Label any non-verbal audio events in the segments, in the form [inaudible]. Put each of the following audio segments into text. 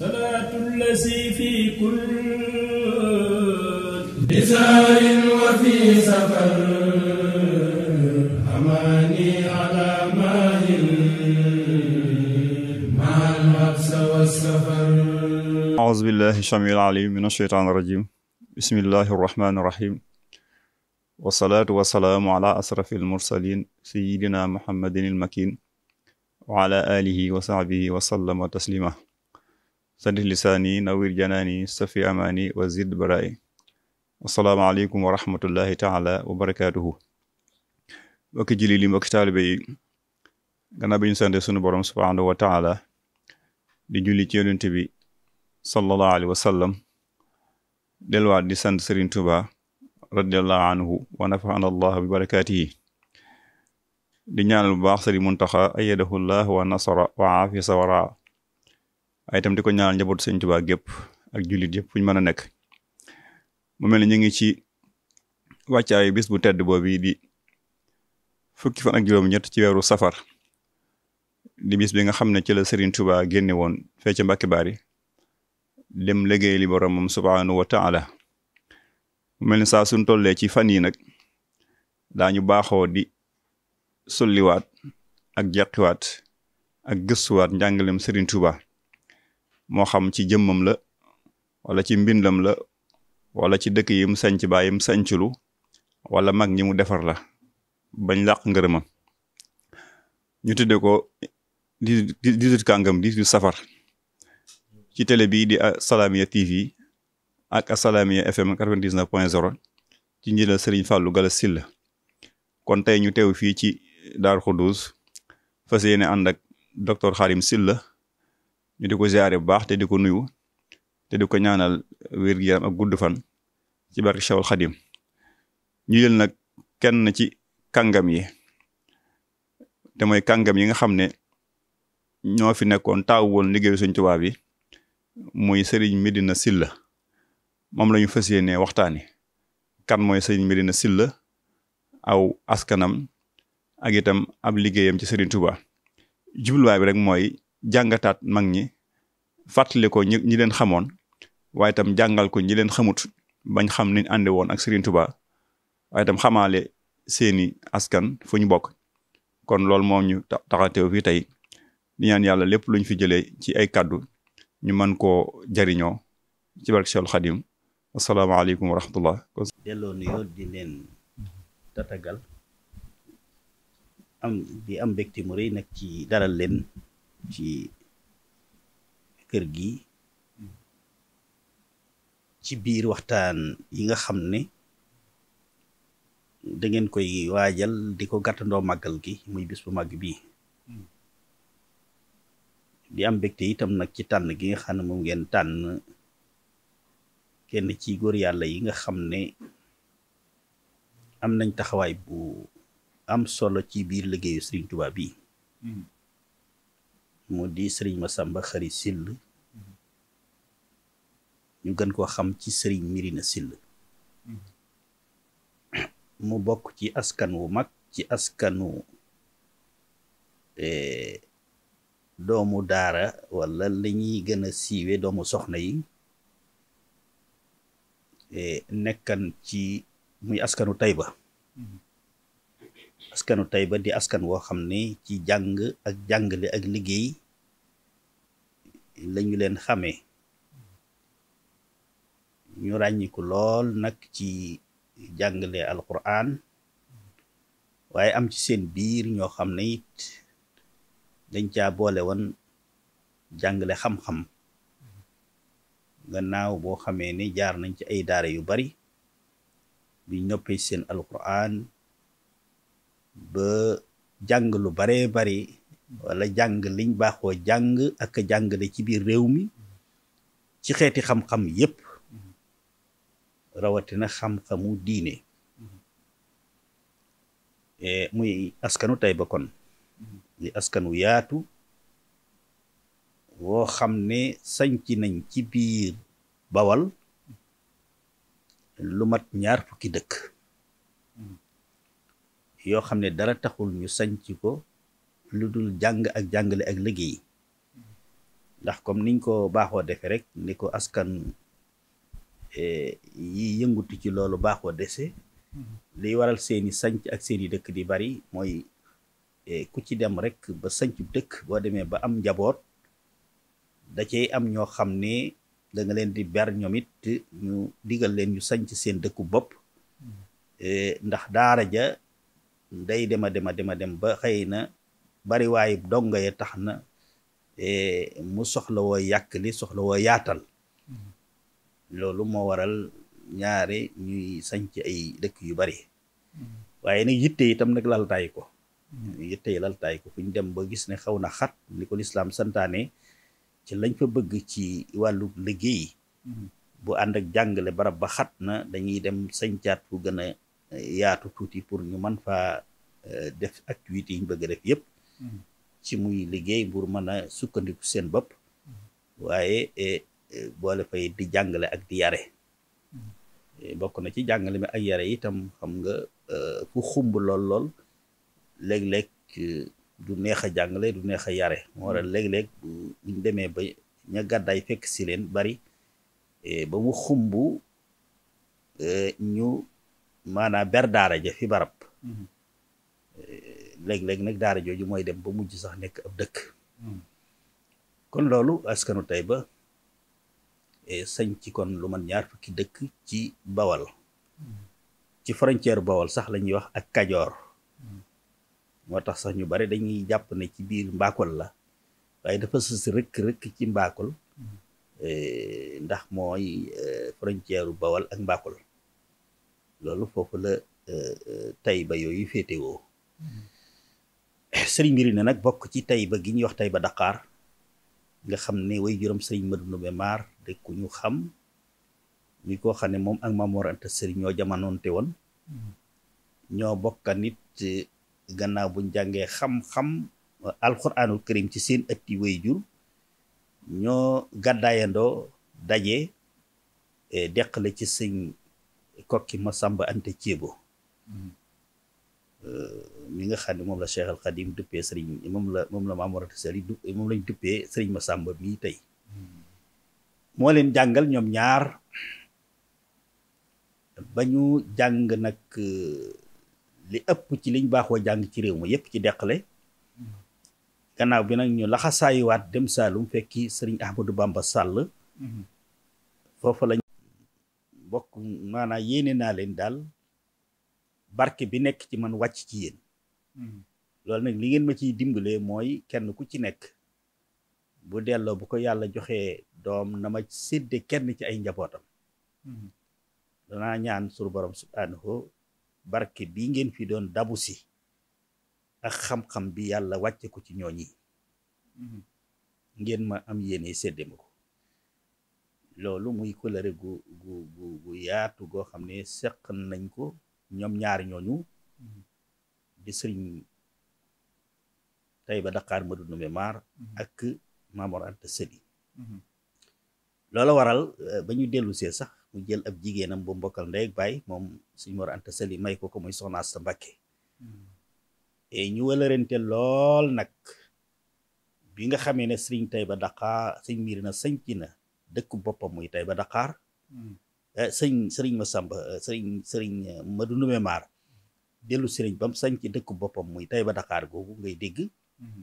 salaatu llazi fi kulli bisaarin wa fi safar amaani ala maahin maal mabsa wa safar aouzu billahi samiil alim min asheytaan rajim bismillahi rahmaani rahim wasalaatu wasalaamu ala asrafi almursalin sayidina muhammadin almakin wa ala alihi wa sahbihi wa sallama taslima saddi lisaani nawir janaani safi amaani wa zid baraay assalaamu aleykum taala wa barakaatuhu mbokki julli li mbokki taalibe yi gannaaw ñu sante sunu borom subhaanahu wa taala di julli ci yonent bi alayhi wa sallam di sant Sëriñ Tuuba radiallahu anhu wa allah bi barakaatihi di ñaanal baax Sëriñ Muntaxa ayyadahu llah wa nasara wa aafisa waraa waaye itam di ko ñaanal njabootu sëñ tubaa gépp ak jullit yëpp fu ñu mën a nekk mu mel ni ñu ngi ci wàccaayu bis bu tedd boobu di fukki fan ak juróom-ñett ci weeru safar di bis bi nga xam ne ci la Serigne Touba génne woon fee ca Mbàkke Baari dem léggéey li boromam subhaanahu woo taala mu mel ni saa suñ tollee ci fan yi nag daañu baaxoo di sulliwaat ak jeqiwaat ak gëstuwaat njàngalem Serigne Touba. moo xam ci jëmmam la wala ci mbindam la wala ci dëkk yi mu sanc baay mu sanculu wala mag ñi mu defar la bañ làq ngërëmam ñu tudde ko dix-huit kàngam dix-huit safar ci tele bii di Assalaamy TV ak Assalaamy FM 99 point 0 ci njëlal Serigne Fallou Gala Sylla kon tey ñu teew fii ci Darou Khoudoss fas yéene ànd ak docteur Xarim Sylla ñu di ko ziare bu baax te di ko nuyu te di ko ñaanal wér gi ak gudd fan ci barke Cheikhul Khadim ñu jël nag kenn ci kàngam yi te mooy kàngam yi nga xam ne ñoo fi nekkoon taawu woon liggéeyu sëñ tubaab yi muy Serigne Medina Silla moom la ñu ne yéenee waxtaani kan mooy Serigne Medina Silla aw askanam ak itam ab liggéeyam ci Serigne Touba jubluwaay bi rek mooy jàngataat mag ñi fàttali ko ñi ñi leen xamoon waaye tam jàngal ko ñi leen xamut bañ xam niñ ànde woon ak Serigne Touba waaye itam xamaale seeni askan fu ñu bokk kon loolu moom ñu taxateew fii tey di ñaan yàlla lépp luñ fi jëlee ci ay kàddu ñu mën koo jariñoo ci barke Seexul Xadim asalaamaaleykum wa rahmatullah ci dalal leen ci kër gi ci biir waxtaan yi nga xam ne dangeen koy waajal di ko gàttandoo màggal gi muy bis bu màgg bi di am mbégte itam nag ci tànn gi nga xam ne moom ngeen tànn kenn ci góor yàlla yi nga xam ne am nañ taxawaay bu am solo ci biir liggéeyu Sëriñ Tuubaa bii hmm. mu di sëriñ Masamba Xari Sill ñu gën koo xam ci sëriñ Mirina Sill mu bokk ci askan wu mag ci askanu eh, doomu daara wala li ñuy gën a siiwe doomu soxna yi eh, nekkan ci muy askanu Tayba askanu ba di askan woo xam ne ci jàng ak jàngale ak liggéey lañu leen xamee ñu ràññiku lool nag ci jàngale alquran waaye am ci seen biir ñoo xam ne it dañ caa boole woon jàngale xam-xam gannaaw boo xamee ne jaar nañ ci ay daara yu bari bi noppee seen alquran ba jàng lu baree bari wala jàng liñ baaxoo jàng ak jàngale ci biir réew mi ci xeeti xam-xam yépp rawatina xam-xamu diine e muy askanu Tayba kon askanu yaatu woo xam ne sañci nañ ci biir bawal lu mat ñaar fukki dëkk yoo xam ne dara taxul ñu sañc ko lu dul jàng ak jàngale ak liggéey ndax comme niñ ko baaxoo defee rek ni ko askan eh, yi yëngutu ci loolu baaxoo dese liy waral seeni sañc ak seeni dëkk di bari mooy eh, ku ci dem rek ba sanc dëkk boo demee ba am njaboot da cay am ñoo xam ne danga leen di ber ñoom it ñu digal leen ñu sañc seen dëkku bopp mm. eh, ndax daara ja day dema dema dema dem ba xëy na bari waaye dongo ya tax na e, mu soxlawoo woo yàq li soxlawoo yaatal loolu moo waral ñaare ñuy sañc ay dëkk yu bari waaye nag yitte itam nag laltaay ko yitte yi laltaay ko fu ñu dem ba gis ne xaw na xat ni ko lislaam santaane ci lañ fa bëgg ci wàllu liggéey bu ànd ak jàngale barab ba xat na dañuy dem sañcaat fu gën a yaatu tuuti pour ñu mën faa e, def activités yi ñu bëgg def yépp ci muy liggéey pour mën a sukkandiku seen bopp waaye eh, eh, boole fay di jàngale ak di yare eh, bokk na ci jàngale mi ak yare itam xam nga ku xumb lool lool léeg-léeg du neex a jàngale du neex a yare moo waral léeg-léeg buñ demee ba ña gàddaay fekk si leen bari ba mu xumb ñu maanaam ber daara ja fi barab mm-hmm. léeg-léeg nag daara jooju mooy dem ba mujj sax nekk ab dëkk hmm. kon loolu askanu ba eh, sañ ci kon lu man ñaar fukki dëkk ci Bawal hmm. ci frontière Bawal sax lañuy wax ak Kajoor hmm. moo tax sax ñu bari dañuy jàpp ne ci biir mbaakol la waaye dafa sës rëkk rëkk ci Mbakol eh, ndax mooy eh, frontière Bawal ak mbaakol loolu foofu la Taïba yooyu féetewoo sëriñ mbiri na nag bokk ci Taïba gi ñuy wax ba Dakar nga xam ni way juróom sëriñ Madou Ndoumbe Maar de ku ñu xam mi ko xam ne moom ak Maam Mor Anta Sali ñoo jamonoonte woon ñoo bokka nit gannaaw buñ jàngee xam-xam alxuraanul karim ci seen ëtti way jur ñoo gàddaayandoo daje eh, deqale ci sëñ kokki sàmba Anta Ceebo mi nga xam ne moom la Cheikh al Xadim duppee sëriñ moom la moom la Maam Mor Anta Sali moom lañ duppee sëriñ Masamba mii tey moo leen jàngal ñoom ñaar ba ñu jàng nag uh, li ëpp ci liñ baaxoo jàng ci réew mi yépp ci deqale gannaaw bi nag ñu laxasaayuwaat dem Saalum fekki sëriñ Ahmadou Bamba Sall mm-hmm. foofa lañ bokk maanaam yéene naa leen daal barke bi nekk ci man wàcc ci yéen hmm. loolu nag li ngeen ma ciy dimbalee mooy kenn ku ci nekk bu delloo bu ko yàlla joxee doom na ma sédde kenn ci ay njabootam hmm. danaa ñaan sunu borom subhaanahu barke bi ngeen fi doon dabu si ak xam-xam bi yàlla wàcce ko ci ñooñi hmm. ngeen ma am yéene sédde ma ko loolu muy kóllëre gu gu gu gu yaatu goo xam ne seq nañ ko ñoom ñaari ñooñu di sëriñ Taïba Dakar Madu nu Maar ak Maamoor Anta Sëli loola waral euh, ba ñu dellusee sax mu jël ab jigéenam bu mbokkal ndey ak baay moom suñ Mor Anta Sëli may ko ko muy sonaas Asta Mbàkke ñu wëlërante lool nag bi nga xamee ne tey ba Dakar sëñ miir na sañc na dëkku boppam muy ba Dakar Eh, sëriñ sëriñ Massamba eh, sëriñ sëriñ eh, Madou Ndoumé Mar dellu sëriñ ba mu sañ ci dëkku boppam muy ba daqaar googu ngay dégg mhm.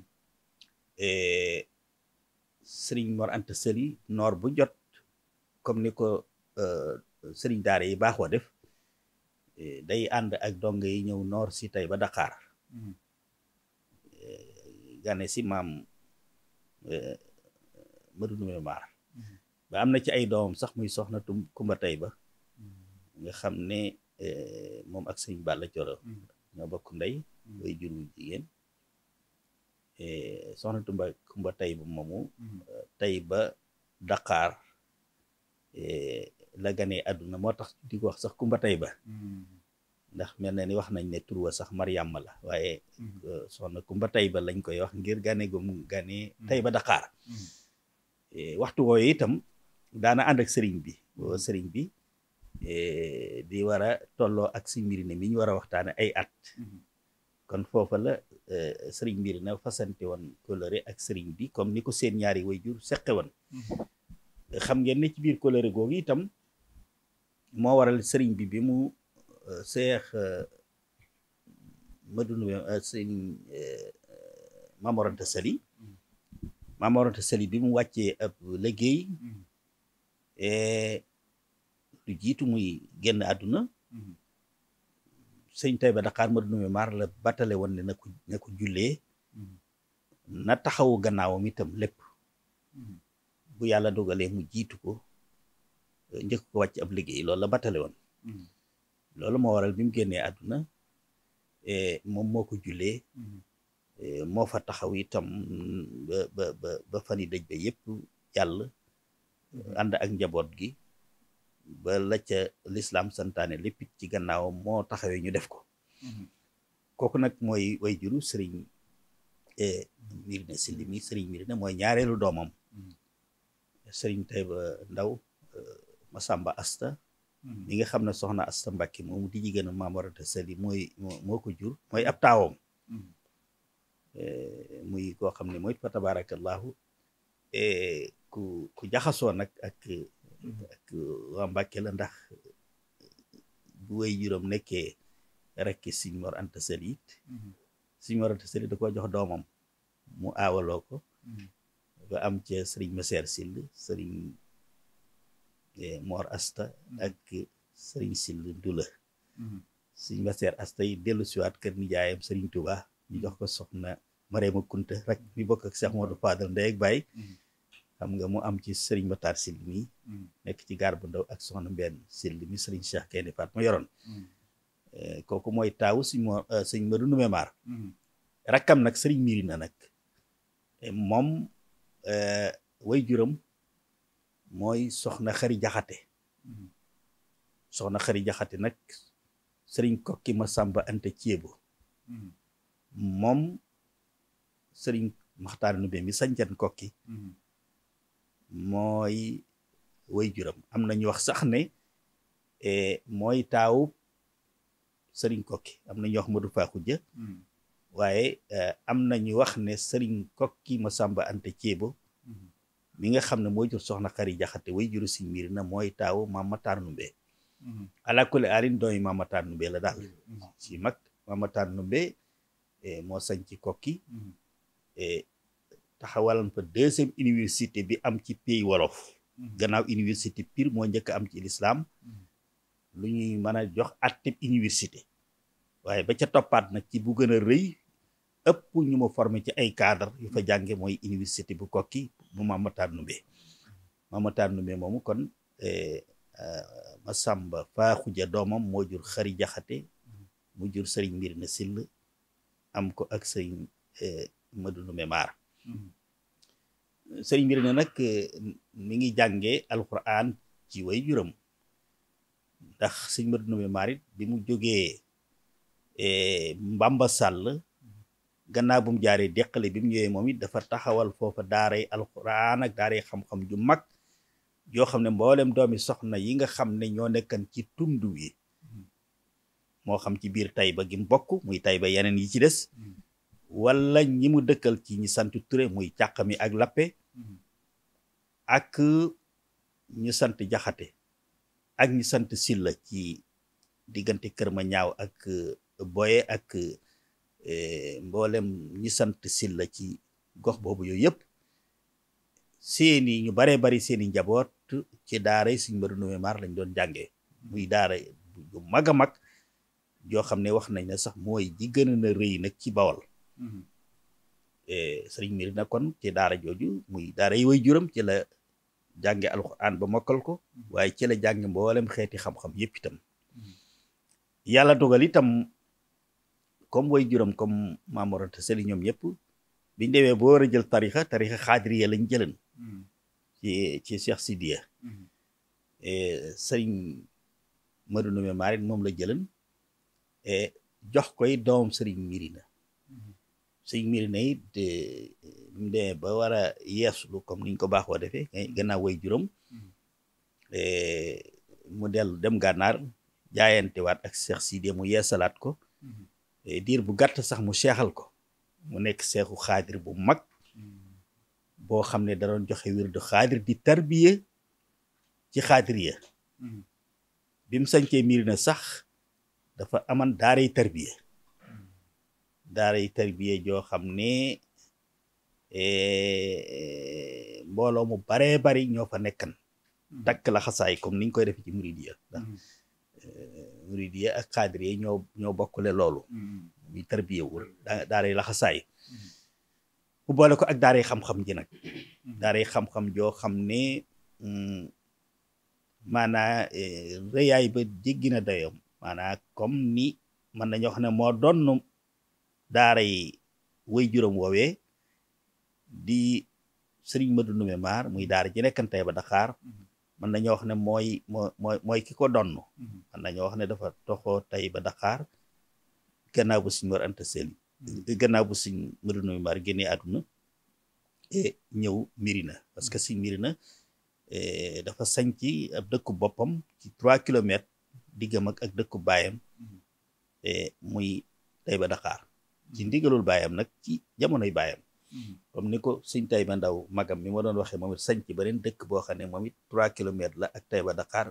sëriñ Mor Anta Sali noor bu jot comme ni ko sëriñ daara yi baaxoo def day ànd ak dongo yi ñëw noor si ba daqaar mhm. gane si maam Madou Ndoumé Mar ba am na ci ay doomam sax muy soxna tum kumba tey ba nga xam ne eh, moom ak sëñ Balla Coro mm. ñoo bokk ndey mm. way jur wu jigéen eh, soxna tumba kumba tey ba moomu mm. eh, tey ba daqaar la ganee àdduna moo tax di ko wax sax kumba tey ba ndax mel na ni wax nañ ne tur sax Mariama la waaye soxna kumba tey ba lañ koy wax ngir gane gum gane tey ba Dakar waxtu wooyu itam daana ànd ak sëriñ bi booba sëriñ bi eh, di war a tolloo ak si mbiri ne mi ñu war a waxtaane ay at mhm. kon foofa la eh, sëriñ mbiri na fasante woon coloré ak sëriñ bi comme ni ko seen ñaari wayjur seqe woon mhm. xam ngeen ne ci biir coloré googu itam moo waral sëriñ bi bi mu eh, seex madunu sëñ Maam Mor mhm. bi mu wàccee ab liggéey lu jiitu muy génn àdduna mhm. sëñ Tayba Dakar ma dundu maar la batale woon ne na ko ko jullee mhm. na taxawu gannaawam itam lépp mhm. bu yàlla dogalee mu jiitu ko eh, njëkk ko wàcc ab liggéey loolu la batale woon loolu moo waral bi mu génnee àdduna eh, moom moo ko jullee eh, moo fa taxaw itam ba ba ba fan yi dëj ba yëpp jàll Mm-hmm. ànd ak njaboot gi ba la ca lislaam santaane lépp ci gannaaw moo taxawee ñu def ko mm-hmm. kooku nag mooy way juru sëriñ e, Mirina Syll mi sëriñ Mirina mooy ñaareelu doomam mm-hmm. sëriñ Tayba Ndaw e, Masamba Asta mi nga xam ne soxna Asta Mbàkke moomu di jigéenu Maam Warata Sëll mooy moo ko jur mooy ab taawam e, muy koo xam ne mooy fa tabarakallahu ku ku jaxasoo nag ak waa Mbàkke la ndax bu way juróom nekkee rekk Sëñ Mor Anta Sali it mhm. Sëñ Anta Sali da ko jox doomam mu awaloo ko mhm. ba am ca sëriñ Maseer Sill sëriñ eh, Mor Asta ak sëriñ Sill Ndula mhm. sëñ Maseer Asta yi dellu siwaat kër nijaayam sëriñ Tuubaa ñu jox ko soxna Marema Kunta rek mi bokk ak Seex Moodu Faadal ndey ak baay xam nga mu am ci sëriñ Matar Sill mi mm. nekk ci gaar bu ndaw ak soxna mbenn Sill mi sëriñ Cheikh Kende Fatma yoroon mm. eh, kooku mooy taawu suñ mo eh, sëñ Madu Ndumé Maar mm. rakkam nag sëriñ miiri na nag eh, moom way juram mooy soxna xari jaxate soxna xari jaxate nag sëriñ kokki ma sàmba ante ceebo moom sëriñ maxtaar Ndumé mi sañcan kokki mooy way juram am na ñu wax sax ne eh, mooy taawu sëriñ koki am na ñu wax Modou Faa Xujja hmm. waaye eh, am na ñu wax ne sëriñ ma Masamba Anta Ceebo hmm. mi nga xam ne mooy jur soxna Xari Jaxate way juru si mbir na mooy taawu Maam Matar Numbe hmm. alakule alin doomi Maam Matar Numbe la daal si mag Maam Matar Numbe eh, moo sañ ci kokki taxawal fa deuxième université bi am ci pays wolof mm-hmm. gannaaw université piir moo njëkk am ci lislaam mm-hmm. lu ñuy mën a jox atteb université waaye ba ca toppaat nag ci bu gën a rëy ëpp ñu ma formé ci ay cadre yu fa jànge mooy université bu kokki bu Mamata Ndoumbe mm-hmm. Mamata Ndoumbe moomu kon eh, euh, Masamba Faaxuja doomam moo jur Xari Jaxate mu jur sëriñ mbir na sill am ko ak sëriñ eh, Madu Ndoumbe Maar Mm-hmm. sëriñ mbir ne nag eh, mi ngi jàngee alquran ci way juram ndax sëñ ma dundume maarit bi mu jógee eh, mbamba sàll gannaaw bu jaaree deqale bi mu ñëwee moom it dafa taxawal foofa daaray alquran ak daaray xam-xam ju mag yoo xam ne mboolem doomi soxna yi nga xam ne ñoo nekkan ci tund wi mm-hmm. moo xam ci biir Tayba gi mu bokk muy Tayba yeneen yi ci des mm-hmm. wala ñi mu dëkkal ci ñi sant ture muy càq mi ak lappe ak ñu sant jaxate ak ñu sant silla ci diggante kër ma ñaaw ak euh, boye ak euh, mboolem ñi sant silla ci gox boobu yooyu yëpp seeni ñu baree bari seeni njaboot ci daara yi suñ mbaru nume lañ doon jàngee muy daara yu mag a mag joo xam ne wax nañ ne sax mooy ji gën a rëy nag ci bawal Mm-hmm. Eh, sëriñ Miri nag kon ci daara jooju muy daara yi way juram ci la jànge alxuraan ba mokkal ko mm-hmm. waaye ci la jànge mboolem xeeti xam-xam yépp itam mm-hmm. yàlla dogal itam comme way juróom comme maamorante sëriñ ñoom yépp biñ demee boo war a jël tarixa tarixa xaadiriya lañ jëlan ci ci Cheikh Sidiya eh, sëriñ Madou Ndoumé moom la jëlan eh, jox koy doom sëriñ Miri sëñ mbir yi it eh, mu demee ba war a yeeslu comme niñ ko baaxoo defee eh, gannaaw way juróom mm-hmm. eh, mu dellu dem gànnaar jaayantewaat ak seex Sidiya mu yeesalaat ko mm-hmm. diir bu gàtt sax mu seexal ko mu nekk seexu xaadir bu mag mm-hmm. boo xam ne da joxe joxe wirdu xaadir di tarbiye ci xaadir ya bi mu sañcee miir na sax dafa aman daaray tarbiya daara yi tarbiya joo xam ne eh, mbooloo mu baree bari ñoo fa nekkan dakk mhm. laxasaay xasaay comme niñ koy defee ci muridiya ndax mhm. eh, muridiya ak xaadiri yi ñoo ñoo bokkule loolu bi mhm. tarbiya wul daara laxasaay la boole ko ak daara yi xam-xam ji nag daara yi xam-xam joo xam ne mm, maanaa eh, rëyaay ba jéggi na dayoom maanaa comme ni mën nañoo xam moo doon daara yi way juróom woowee di sëriñ Madou Ndoumé Mar muy daara ji nekkantey ba daqaar mm-hmm. mën nañoo wax ne mooy moo mooy mooy ki ko donn mm-hmm. mën nañoo wax ne dafa toxoo tey ba daqaar gannaaw bu Serigne Mor Anta Sali mm-hmm. gannaaw bu Serigne Madou Ndoumé Mar génnee àdduna et ñëw Mirina parce que si Mirina e, dafa sañ ci ab dëkku boppam ci trois kilomètres diggam ak ak dëkku baayam e, muy tey ba Dakar ci ndigalul baayam nag ci jamonoy baayam mhm. comme ni ko sëñ ba Ndaw magam mi ma doon waxee moom it sañ ci beneen dëkk boo xam ne moom it trois kilomètres la ak Tayba Dakar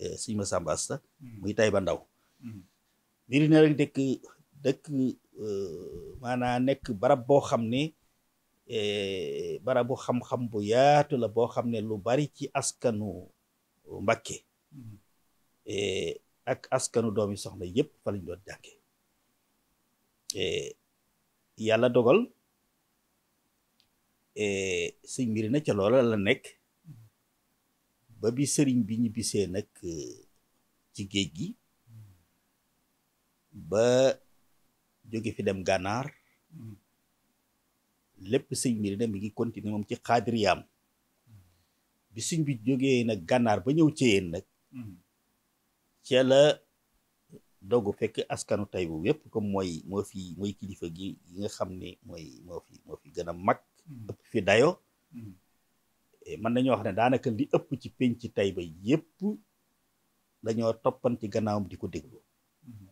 eh, sëñ ma Samba Asta mhm. muy ba Ndaw mbiri mhm. ne rek dëkk dëkk euh, maanaam nekk barab boo xam ne eh, barabu xam-xam bu yaatu la boo xam ne lu bari ci askanu Mbakke eh, ak askanu doomi soxna yëpp fa ñu doon jànge E, yàlla dogal e, sëñ mbiri na ca loola la nekk ba bi sëriñ bi ñibbisee nag e, ci géej gi ba jóge fi dem gànnaar lépp sëñ mbiri na mi ngi continuer moom ci xaadiriyaam bi bi jógee nag gànnaar ba ñëw ci nag mm-hmm. ca la doog fekk askanu Tayba yépp comme mooy moo fi mooy kilifa gi yi nga xam ni mooy moo fi moo fi gën a mag hmm. ëpp fi dayo hmm. eh, mën nañoo wax ne daanaka li ëpp ci penc Tayba yépp dañoo toppan ci gannaaw gannaawam di ko déglu hmm.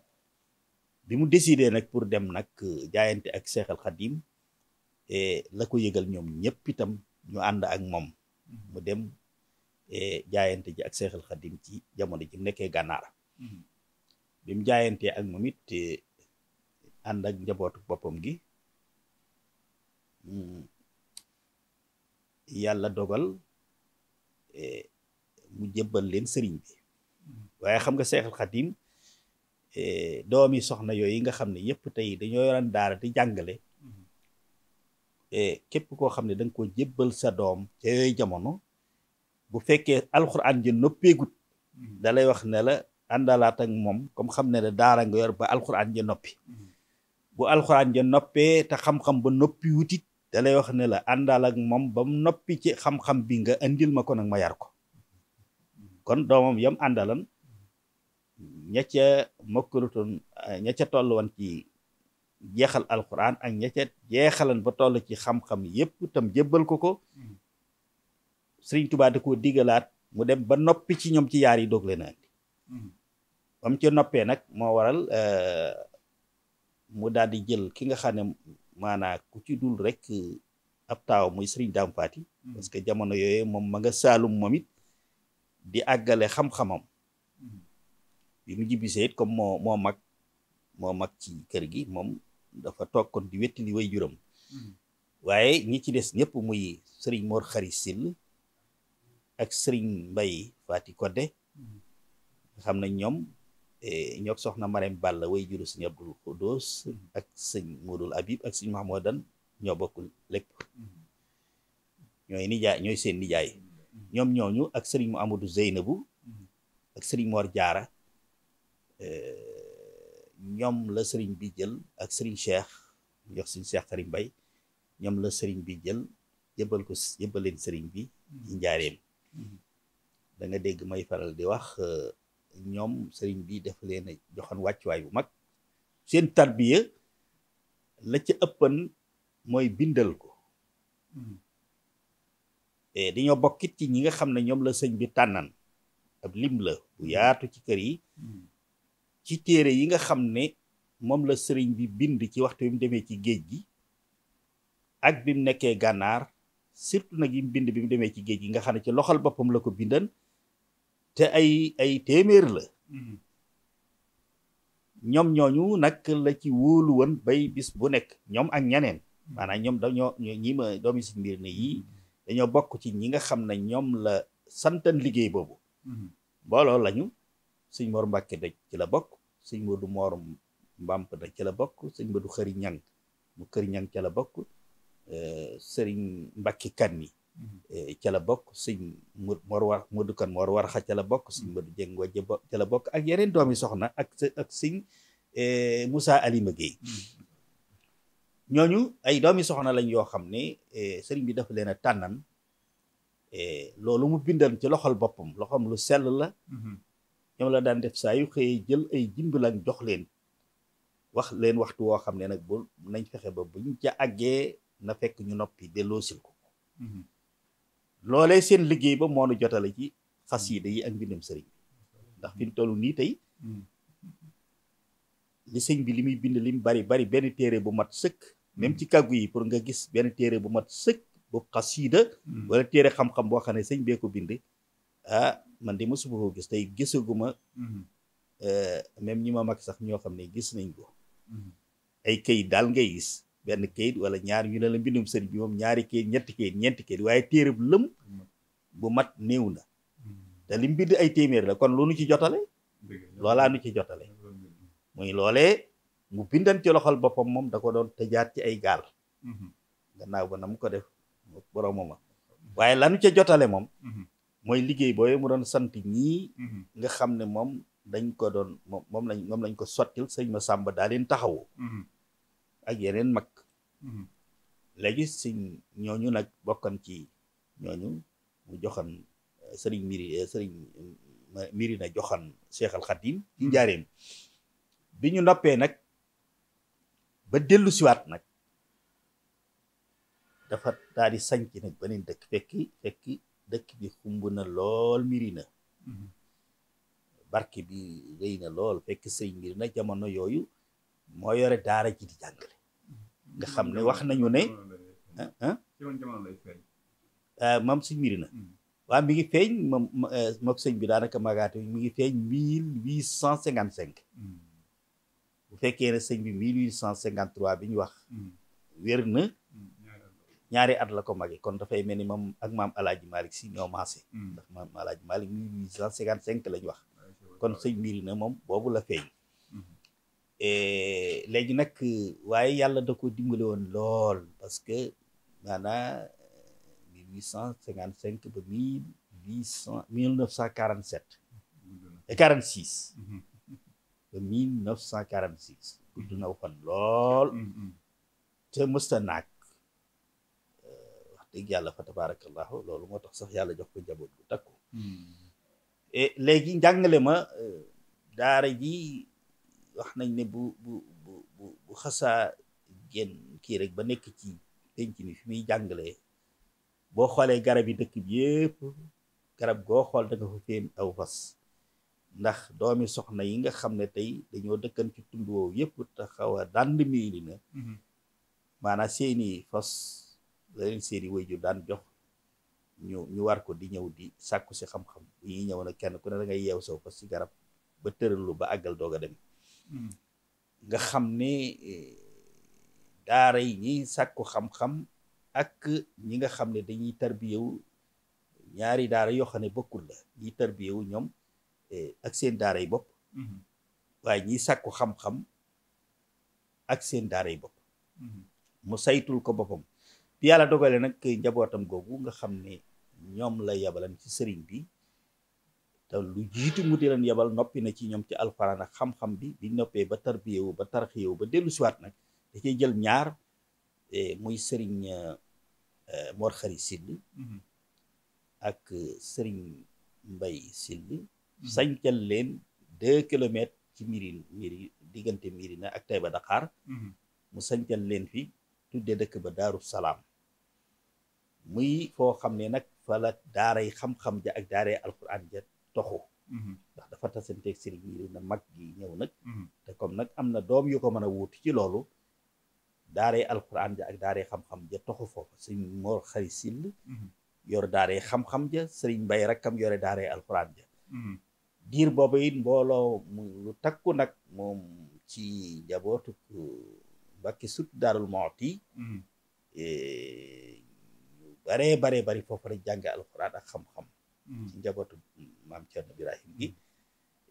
bi mu décidé nag pour dem nag euh, jaayante ak Seexal Xadim eh, la ko yëgal ñoom ñëpp itam ñu ànd ak moom mu dem eh, jaayante ji ak Seexal Xadim ci jamono ji mu nekkee gànnaar bi mu jaayantee ak moom it ànd ak njabootu boppam gi mm, yàlla dogal e, mu jébbal leen sëriñ bi waaye xam nga seexal xadim e, doomi soxna yooyu nga xam ne yëpp tey dañoo yoraan daara di jàngale e, képp koo xam ne da nga ko jébbal sa doom ca yooyu jamono bu fekkee alxuraan ji noppeegut mm-hmm. da lay wax ne àndalaat ak moom comme xam ne daara nga yor ba alxuraan ja noppi bu alxuraan ja noppee te xam-xam ba noppi wutit dalay wax ne la àndaal moom ba mu noppi ci xam-xam bi nga indil ma ko nag ma yar ko kon doomam yam àndalan ña ca mokkalutoon ña ca toll woon ci jeexal alxuraan ak ña ca ba toll ci xam-xam yépp tam jébbal ko ko Sëriñ Tuubaa ko koo digalaat mu dem ba noppi ci ñoom ci yaar yi doog leen a ba mu ci noppee nag moo waral euh, mu daal di jël ki nga xam ne maanaa ku ci dul rek euh, ab taaw muy Serigne Dame Faty hmm. parce que jamono yooyu moom ma nga saalum moom it di àggale xam-xamam hmm. bi mu jibbisee it comme moo moo mag moo mag ci kër gi moom dafa toog kon di wettali way juróom hmm. waaye ñi ci des ñëpp muy sëriñ Mor Khary Sill ak sëriñ Mbaye Faty Codé nga xam ne ñoom Eh, ñoo soxna Marème Ball way juru sëñ Abdul Xudoos ak sëñ Modul Abib ak sëñ Mahmoudan ñoo bokkul lépp ñooy nijaay ñooy seen nijaay ñoom ñooñu ak sëriñ mu Amadou Zeynabu ak sëriñ Mor Jaara eh, ñoom la sëriñ bi jël ak sëriñ Cheikh jox sëriñ Cheikh Karim Bay ñoom la sëriñ bi jël yëbbal ko yëbbaleen sëriñ bi ci njaareem mm-hmm. da dégg may faral di wax eh, ñoom sëriñ bi def leen a joxoon wàccuwaay bu mag seen tarbiya la ca ëppan mooy bindal ko hmm. dañoo bokkit ci ñi nga xam ne ñoom la sëñ bi tànnan ab lim la bu hmm. yaatu ci kër yi hmm. ci téere yi nga xam ne moom la sëriñ bi bind ci waxtu bi mu demee ci géej gi ak bi mu nekkee gànnaar surtout nag yi mu bind bi mu demee ci géej gi nga xam ne ci loxol boppam la ko bindan te ay ay téeméer la mm-hmm. ñoom ñooñu nag la ci wóolu woon bay bis bu nekk ñoom ak ñeneen mm-hmm. maanaam ñoom dañoo ñi ma doomi si mbir ne yii dañoo bokk ci ñi nga xam ne ñoom la santan liggéey boobu mm-hmm. mbooloo lañu sëñ Mor Mbàkke ci la bokk sëñ Modu Mor Mbàmp la bokk sëñ Xëri Ñang mu Xëri Ñang ci la bokk euh, sëriñ Mbàkke Kanni Eh, ca la bokk sëñ mu war Modou Kan Mor war xa ca la bokk sëñ mm. Modou Jeng Wajje ca la bokk ak yeneen doomi soxna ak ak sëñ eh, Moussa Alima Guèye mm. ñooñu ay doomi soxna lañ yoo xam ne eh, sëriñ bi dafa leen a tànnan loolu mu bindan ci loxol boppam loxoom lu sell la mm-hmm. ñoom la daan def saa yu xëyee jël ay jimbilan jox leen wax leen waxtu woo xam ne nag bu nañ fexe ba buñ ca àggee na fekk ñu noppi delloosil ko mm-hmm. loole seen liggéey ba moo nu jotale ci xasiida yi ak mbindam sëriñ ndax fi mu toll nii tey hmm. li sëñ bi li muy bind li mu bari bari benn téere bu mat sëkk même ci kàggu yi pour nga gis benn téere bu mat sëkk bu xasiida hmm. wala téere xam-xam boo xam ne sëñ bee ko bind ah man de mosuma ko gis tey gisaguma hmm. eh, même ñi ma mag sax ñoo xam ne gis nañ ko ay këyit daal ngay gis benn kayit wala ñaar ñu ne la mbindum sëriñ bi moom ñaari kayit ñetti kayit ñeenti kayit waaye téereb lëm bu mat néew na te li mbind ay téeméer la kon lu nu ci jotale loolaa nu ci jotale muy loolee mu bindan ci loxol boppam moom da ko doon tëjaat ci ay gaal gannaaw ba na mu ko def boromam waaye lanu ca jotale moom mooy liggéey boobu mu doon sant ñii nga xam ne moom dañ ko doon moom moom lañ moom lañ ko sottil sëñ ma sàmba daa leen taxawu ak yeneen mag mm-hmm. léegi sëñ ñooñu nag bokkan ci ñooñu mu joxan eh, sëriñ miri eh, na joxan Cheikh Al Khadim njaareem bi ñu noppee nag ba dellu siwaat nag dafa daal di sanc nag beneen dëkk fekki fekki dëkk bi xumb na lool miri na mm-hmm. barke bi rëy na lool fekk sëriñ miri na jamono yooyu moo yore daara ji di jàngale nga xam ne wax nañu ne ah ah, ah maam suñ mbiri na waaw mi ngi feeñ moom mook sëñ bi daanaka magaate mi ngi feeñ mille huit cent cinquante cinq bu fekkee ne sëñ bi mille huit cent cinquante trois bi ñu wax wér na ñaari at la ko mage kon dafay mel ni moom ak maam alaaji malik si ñoo maase ndax maam alaaji malik mille wax kon sëñ mbiri moom boobu la feeñ Eh, léegi nag euh, waaye yàlla da ko dimbali woon lool parce que maanaam euh, mille huit cent cinquante cinq ba mille huit cent mille neuf cent quarante sept et quarante six ba mille neuf cent quarante six gudd na waxoon lool te mësta naag euh, wax yàlla fa tabarakallahu loolu moo tax sax yàlla jox ko njaboot bu takku hmm. eh, léegi njàngale ma daara wax nañ ne bu bu bu bu xasaa génn kii rek ba nekk ci penc mi fi muy jàngalee boo xoolee garab yi dëkk bi yépp garab goo xool da nga fa féem aw fas ndax doomi soxna yi nga xam ne tey dañoo dëkkan ci tund woowu yépp taxaw a dànd miili na mm-hmm. maanaam seeni fas la leen seeni waajur daan jox ñu ñu war ko di ñëw di sàkku si xam-xam bu ñuy ñëw na kenn ku ne da ngay yeew saw fas si garab ba tëral lu ba àggal dooga a dem nga xam ne daara yi ñi sàkku xam-xam ak ñi nga xam ne dañuy tarbiyewu ñaari daara yoo xam ne bokkul la ñiy tarbiyewu ñoom e, ak seen daara yi bopp mm-hmm. waaye ñiy sàkku xam-xam ak seen daara yi bopp mm-hmm. mu saytul ko boppam bi yàlla dogale nag njabootam googu nga xam ne ñoom la yabalan ci sëriñ bi te lu jiitu mu di leen yebal noppi na ci ñoom ci alxuraan ak xam-xam bi bi noppee ba tarbiyewu ba tarxiyewu ba dellu siwaat nag da cay jël ñaar e, muy sëriñ e, Mor Sill mhm. ak sëriñ Mbay Sill mhm. sañcal leen deux kilomètres ci mirin miri diggante miri na ak Tayba Dakar mhm. mu sañcal leen fi tudde dëkk ba Daaru Salaam muy foo xam ne nag fa la daaray xam-xam ja ak daaray alxuraan ja toxu mhm. ndax dafa tasanteeg sëriñ yi na mag gi ñëw nag mhm. te comme nag am na doom yu ko mën a wuuti ci loolu daaree alquran ja ak daaree xam-xam ja toxu foofu sëriñ Mor Xari mhm. yor daaree xam ja sëriñ Mbay rakkam yore daaree alquran ja diir boobu it mbooloo lu takku nag moom ci njabootu Mbàkke sut Daarul Mooti baree baree bari foofu rek jànge alquran ak xam-xam ci njabootu maam Cerno Birahim gi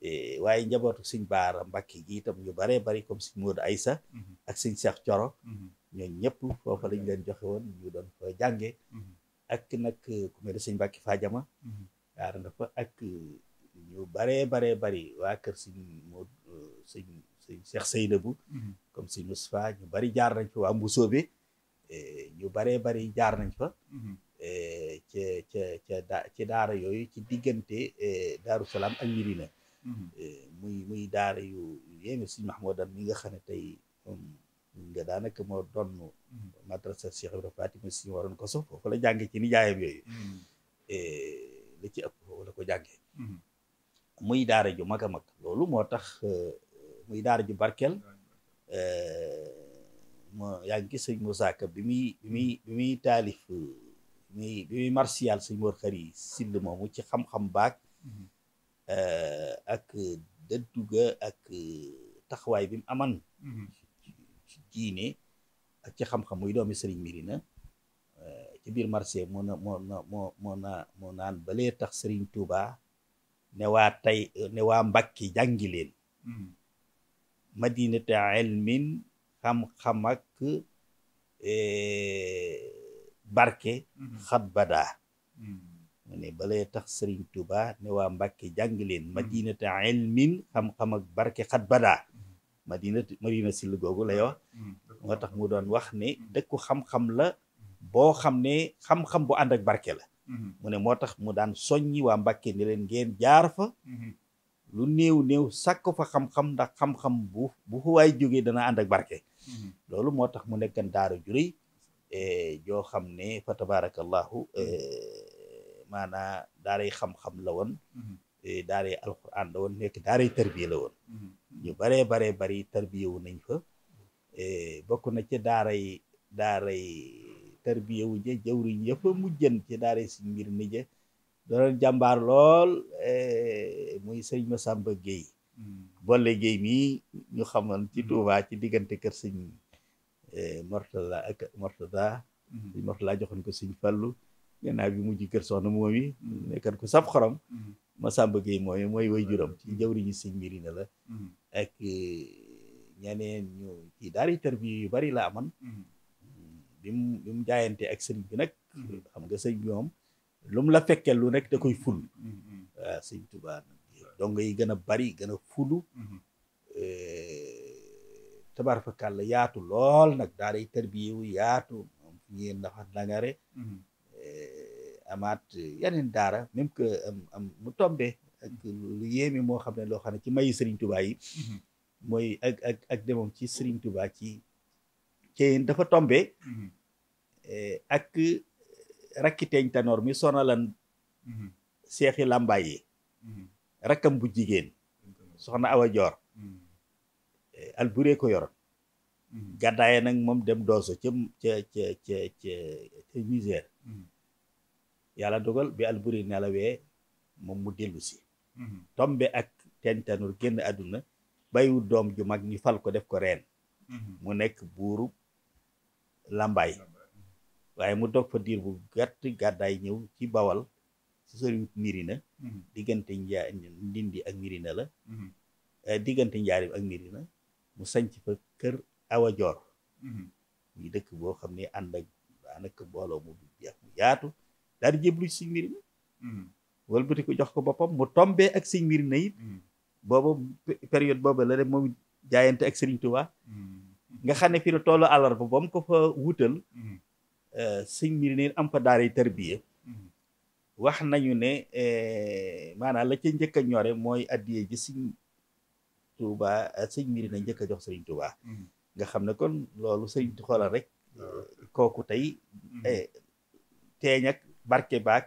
e, waaye njabootu sëñ Baara Mbàkke gi itam ñu bare bari comme sëñ Moodu Aysa mhm. ak sëñ Seex Coro ñooñ ñëpp foofa lañ leen joxe woon ñu doon fa jànge mhm. ak nag ku mel ne sëñ Mbàkke mhm. na fa ak ñu baree baree bari waa kër sëñ Moodu sëñ sëñ Seex Seynabu comme sëñ Mustafaa ñu bari jaar nañ fa waa Mbusoobe ñu baree bari jaar nañ fa ca ca ca ci daara yooyu ci diggante e, daaru salaam ak Mirina mhm. e, muy muy daara yu yéeme si Mahmoudan mi nga xam ne tey nga daanaka moo doon mhm. madrasa Cheikh Ibra Faati mu si waroon ko sof foofu jànge ci nijaayam yooyu mhm. e, la ci ëpp foofu ko jànge muy daara ju mag a mag loolu moo tax muy daara ju barkeel moo yaa ngi gis sëñ bi muy bi muy bi muy taalif mi bi muy martial suñ war xar yi moomu ci xam-xam baag mhm. euh, ak dëddu ga ak euh, taxawaay bi mu aman mhm. ci diine ak ci xam-xam muy doomi sëriñ Mirina euh, ci biir marché moo na naan balee tax sëriñ Touba ne waa tey ne waa Mbàkke jàngi leen mhm. madinata ilmin xam-xam ak barke mhm. xat bada mhm. mu ne balay tax sëriñ tuba ne waa mbàkke jàng leen mhm. madinata ilmin xam-xam ak barke xat badaa madina madina sill googu lay wax moo tax mu doon wax ne dëkku xam-xam la boo xam ne xam-xam bu ànd ak barke la mu ne moo tax mu daan soññi waa mbàkke ne leen ngeen jaar fa lu néew néew sàkk fa xam-xam ndax xam-xam bu bu fa waay jógee dana ànd ak barke loolu moo tax mu nekkan daara ju Eh, joo xam ne fa tabarakallahu mm-hmm. eh, maanaa daaray xam-xam la woon mm-hmm. eh, daaray alquran la woon nekk daaray tarbiya la woon mm-hmm. ñu baree baree bari tarbiya wu nañ fa bokk na ci daaray daaray tarbiya wu ja jawriñ yëpp mujjën ci daaray si mbir ni ja doon jàmbaar lool muy sëñ Masamba Gueye boole Gueye mii ñu xamoon ci Tuubaa ci diggante kër sëñ E, Mortala ak Mortada mhm. sëñ Mortala joxoon ko sëñ Fallu gannaaw bi mujj kër soxna moom yi nekkan ko sab xorom mhm. ma Samba Gueye mooy mooy way juróom mhm. ci jawriñu sëñ Mirina la ak e, ñeneen ñu ci daari tarbiya yu bari la amoon bi mu jaayante ak sëñ bi nag xam nga sëñ bi moom lu mu la fekkee lu nekk da koy ful waaw sëñ Tuubaa donc yi gën bari gën fulu e, tabarakalla yaatu lool nag daaray tarbiyewu yaatu ngeen dafa nangare mhm. eh, amaat yeneen daara même que am mu tombe ak lu yéeme moo xam ne loo xam ne ci may Serigne Touba yi mhm. mooy ak ak ak demoom ci Serigne ci dafa tombe mhm. eh, ak eh, rakkiteeñ tanoor mi sonalan seexi làmbaay yi rakkam bu jigéen soxna Awa Joor alburé ko yoroon mm-hmm. gàddaaye nag moom dem dooso ca ca ca ca mm-hmm. yàlla dogal bi alburé nelawee moom mu dellusi mm-hmm. tombe ak tentanur génn àdduna bàyyiwul doom ju mag ñu fal ko def ko reen mu nekk buuru làmbaay waaye mu dog fa diir bu gàtt gàddaay ñëw ci bawal su soriwut mirina diggante njaa ndindi ak mirina la eh, diggante njaarim ak mirina mu sanc fa kër Awa Joor mhm. dëkk boo xam ni ànd ak daanaka mbooloo mu jeex mu yaatu daal di jéblu ci sëñ mhm. walbati ko jox ko boppam mu tombee ak sëñ mbir na it mhm. booba période booba la rek moom jaayante ak Sëriñ nga xam ne fi ne tollu àllarba ba mu ko fa wutal euh, sëñ mbir na am fa daaray tarbiya wax nañu ne euh, maanaam la ca njëkk a ñore mooy addiye ji sëñ Touba sëñ mbiri na njëkk a jox Serigne Touba. Mm-hmm. nga xam ne kon loolu sëriñ di xoolal rek. Mm-hmm. kooku tey. Mm-hmm. Eh, teeñ ak barke baak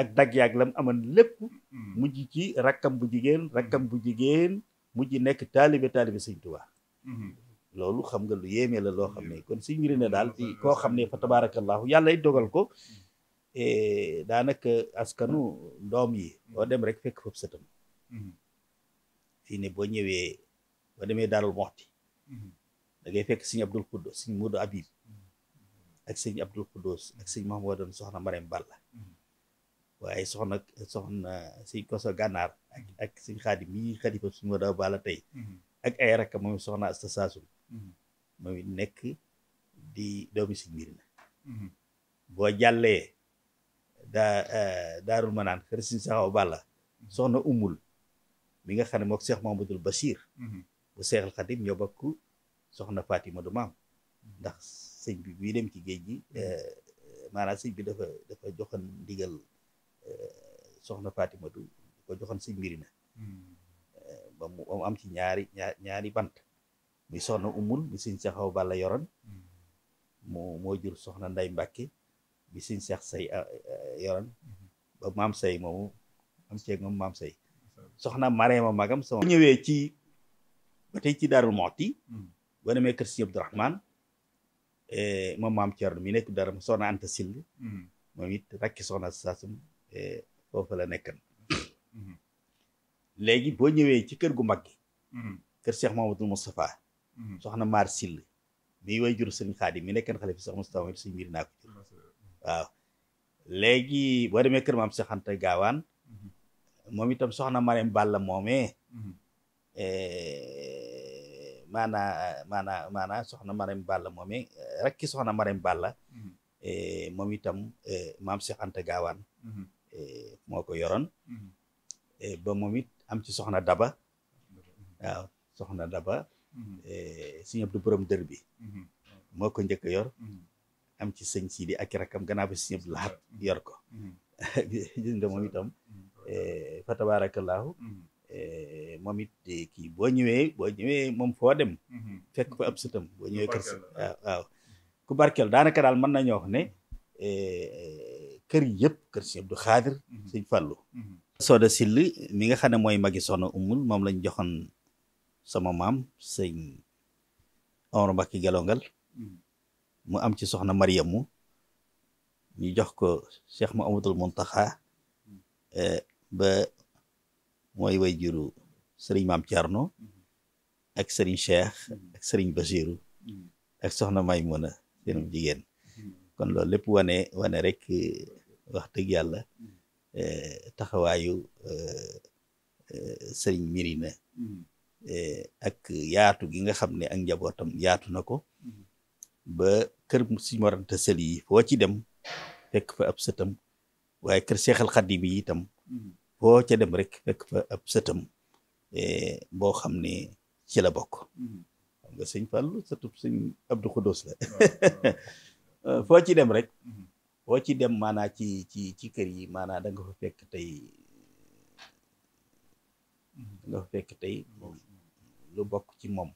ak dag yaag lam amoon lépp. mujj ci rakkam bu jigéen rakkam bu jigéen mujj nekk taalibe taalibe sëñ loolu xam nga lu yéeme la loo xam ne kon siñ mbiri na daal di koo xam ne fa tabaarakallaahu yàlla it dogal ko. Eh, daanaka askanu doom yi. boo dem rek fekk foofu sëtam. fii boo ñëwee boo demee Daarul Moxti mm-hmm. da fekk sëñ Abdul Kuddos sëñ Moodu Habib mm-hmm. ak sëñ Abdul Kuddos ak sëñ Mahmoudan soxna Marème Balla mm-hmm. waaye soxna soxna sëñ Koso Gànnaar ak ak sëñ Xaadim yi xalifa sëñ Moodu Balla tey ak ay rakk moom soxna Asta Saasum moom it nekk di doomi sëñ Mirina boo jàllee daa eh, daarul manaan kër sëñ Saxaw Balla soxna umul mi nga xam ne mook Cheikh Mamadou Bachir mhm. bu Seexal Xadim ñoo bokk soxna Fatima du maam ndax sëñ bi bii dem ci géej gi mhm. euh, maanaam sëñ bi dafa dafa joxoon ndigal euh, soxna Fatima du ko joxoon sëñ mbiri na mhm. euh, ba mu am ci ñaari ñaari bant mi soxna umul mi sëñ Seex Awa Balla yoroon moo moo jur soxna Nday Mbàkke bi sëñ Seex say yoroon ba maam say moomu am ceeg moom maam say soxna Marema magam soo ñëwee ci ba tey ci Darou Mouhty hmm. ba demee kër Sëñ Abdou Rahman eh, moom maam Thierno mi nekk dara soxna Anta Sill hmm. moom it rakki soxna Sassum eh, foofu la nekkan hmm. léegi boo ñëwee ci kër gu mag gi kër ma Mamadou Moustapha soxna Maar sil mi way jur sëñ Xaadim mi nekkan xale fi sax Moustapha suñ mbir naa ko jur waaw léegi boo demee kër maam Cheikh Anta Gaawaan moom itam soxna Marème Balla moomee mhm. eh, maana maana maana soxna Marème Balla moomee rekki soxna Marème Balla mhm. eh, moom itam eh, maam Cheikh Anta Gaawaan mhm. moo ko yoroon ba moom it am ci soxna Daba waaw soxna Daba Sëñ Abdu borom dër bi moo ko njëkk yor am ci sëñ Sidi ak rakkam gannaaw ba Sëñ Abdu Lahat yor ko [laughs] gis nga moom itam E, fa tabarakallahu e, moom it e, kii boo ñëwee boo ñëwee moom foo dem mhm. fekk fa ab sëtam boo ñëwee kër si waaw waaw ku barkeel daanaka daal mën nañoo wax ne yëpp kër si mhm. Sill mhm. mi nga xam ne mooy magi soxna umul moom lañ joxoon sama maam sëñ Omar Mbacke mu am ci soxna Mariamu ñu jox ko Cheikh Mouhamadoul Mountakha ba mooy way juru sëriñ maam Thierno ak sëriñ Cheikh ak Basiru ak soxna Maymuna seenum jigéen kon loolu lépp wane wane rek eh, wax dëgg yàlla eh, taxawaayu eh, sëriñ Mirina ak yaatu gi nga xam ne ak njabootam yaatu na ko ba kër si moranta sël yi foo ci dem fekk fa ab sëtam waaye kër Seexal Xadim yi foo ca dem rek fekk fa ab sëtam eh, boo xam ne ci la bokk mm-hmm. xam nga sëñ Fàllu sëtub Abdu Xudoos la [laughs] euh, foo ci dem rek mm-hmm. foo ci dem maanaa ci ci ci kër yi maanaa da nga fa fekk tey mm-hmm. da tey lu bokk ci moom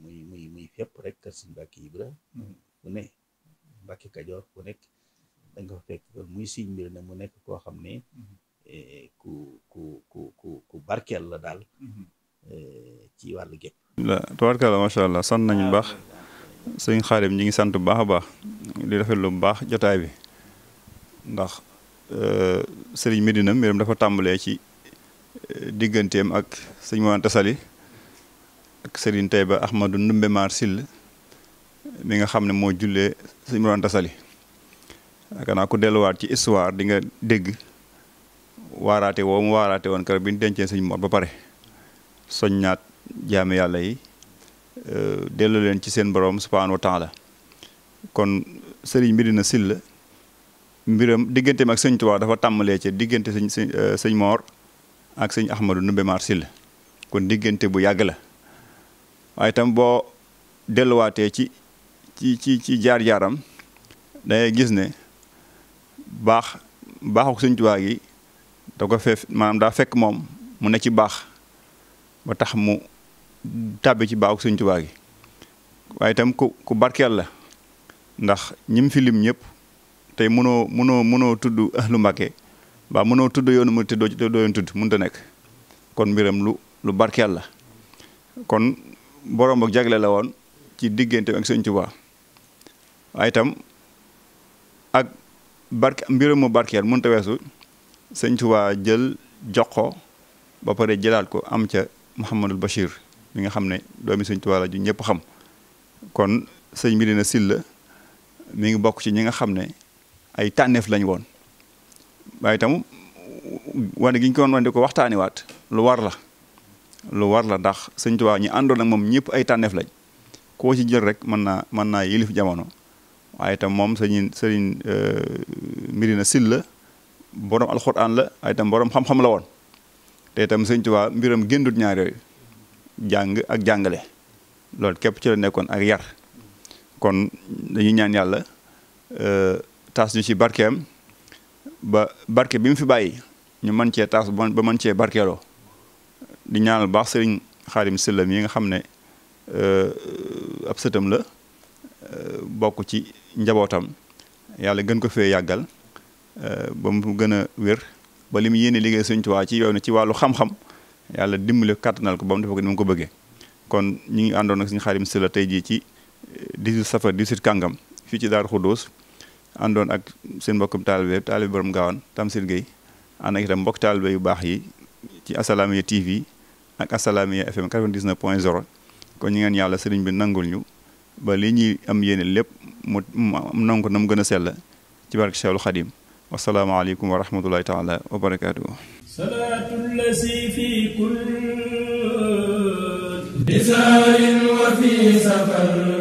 muy muy muy fépp rek kër sëñ Mbàkke Ibra ku ne Mbàkke Kajoor ku nekk da nga fa fekk muy siñ mbir ne mu nekk koo xam ne E, e, ku ku ku ku barkeel la daal mhm. e, ci wàllu gépp la tabarkalla allah sant nañu bu ah, baax ah, sëñ Xaadim ñi ngi sant bu baax a baax di rafet lu baax jotaay bi ndax sëriñ Medina mbiram dafa tàmbalee ci digganteem ak sëñ Mouhamed Tassali ak sëriñ Tayba Ahmadou Ndumbe Maar Sill mi nga xam ne moo jullee sëñ Mouhamed Tassali yaakaar naa ku delluwaat ci histoire di dégg waaraate woo mu waaraate woon keroog bi ñu dencee sëñ Mor ba pare soññaat jaami yàlla yi euh, delloo leen ci seen borom subhaanahu wa la kon sëriñ Médina silla mbiram digganteem ak sëñ Tuubaa dafa tàmmalee ci diggante sëñ sëñ euh, Mor ak sëñ Ahmadou Ndumbe Maar Sylla kon diggante bu yàgg la waaye itam boo delluwaatee ci ci ci ci jaar-jaaram dangay gis ne baax baaxuk sëñ Tuubaa gi da ko fee maanaam daa fekk moom mu ne ci baax ba tax mu tàbbi ci baaxu Sëñ Tuubaa waaye itam ku ku barkeel la ndax ñim fi lim ñëpp tey mënoo mënoo mënoo tudd lu Mbàkke ba mënoo tudd yoonu mu te doo doon tudd mënut a nekk kon mbiram lu lu barkeel la kon borom jagle la woon ci diggante ak Sëñ Tuubaa waaye itam ak barke mbiram mu barkeel mënut a weesu sëñ Tuubaa jël jox ba pare jëlaat ko am ca Mouhamadul Bachir mi nga xam ne doomi sëñ Tuubaa la ju ñëpp xam kon sëñ Medina Sylla mi ngi bokk ci ñi nga xam ne ay tànneef lañ woon waaye tam wane gi ñu di ko waxtaaniwaat lu war la lu war la ndax sëñ Tuubaa ñi àndoon ak moom ñëpp ay tànneef lañ koo ci jël rek mën naa mën naa yilif jamono waaye itam moom sëñ sëriñ euh, Medina Sylla borom alxuraan la ay tam boroom xam-xam la woon te itam sëñ Tuubaa mbiram géndut ñaar yooyu jàng ak jàngale loolu képp ci la nekkoon ak yar kon dañuy ñaan yàlla euh, taas ñu ci barkeem ba barke bi mu fi bàyyi ñu mën cee taas ba mën cee barkeeloo di ñaanal baax sëriñ Xaadim Sylla yi nga xam ne euh, ab sëtam la euh, bokk ci njabootam yàlla gën ko fee yàggal Euh, ba mu gën a wér ba li mu yéene liggéey Sëñ Tuubaa ci yoon ci wàllu xam-xam yàlla dimbale kàttanal ko ba mu defee ko ni mu ko bëggee kon ñu ngi àndoon ak Sëñ Xaadim Sylla tey jii ci 18 eh, safar 18 kàngam fii ci Daaru Xudoos àndoon ak seen mbokkum taalibe taalibe borom gaawan Tamsir Gueye ànd ak itam mbokk taalibe yu baax yi ci Assalaamy TV ak Assalaamy FM 99 point 0 kon ñu ngeen yàlla sëriñ bi nangul ñu ba li ñuy am yéene lépp mu nangu ko na mu gën a sell ci barke Cheikhul Khadim wasalaamaaleykum wa rahmatullahi taala wa barakaatuhu salaatu llazi fi kulli bisarin wa fi safar